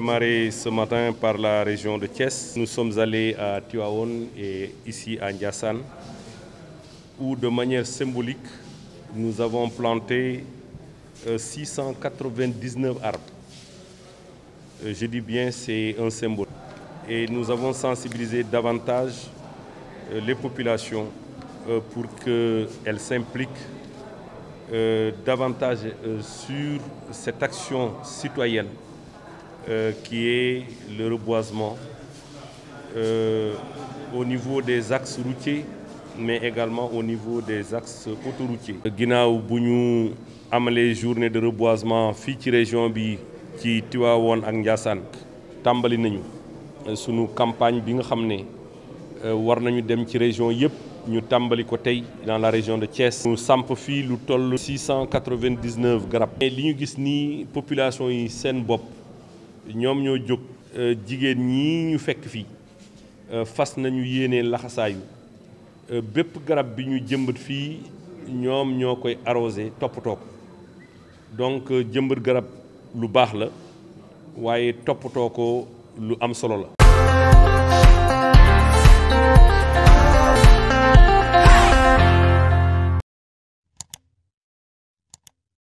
démarré ce matin par la région de Thiès. Nous sommes allés à Tuaon et ici de manière symbolique, nous avons planté 699 euh, arbres. Euh, je dis bien, c'est un symbole. Et nous avons sensibilisé davantage euh, les populations pour qu'elles s'impliquent davantage sur cette action euh, qui est le reboisement euh, au niveau des axes routiers mais également au niveau des axes autoroutiers. ginnaaw bu ñu amalee journée de reboisement fii ci région bi ci Tivaouane ak Ndiassane tàmbali nañu euh, sunu campagne bi nga xam ne euh, war nañu dem ci région yëpp ñu tàmbali ko tey dans la région de Thiès. ñu samp fii lu toll 699 garab. mais li ñu gis nii population yi seen bopp. ñoom ñoo jóg euh, jigéen ñii ñu fekk fii euh, fas nañu yéene laxasaayu euh, bépp garab bi ñu jëmbat fii ñoom ñoo koy arrosé toppatoo ko donc jëmbat garab lu baax la waaye toppatoo ko lu am solo la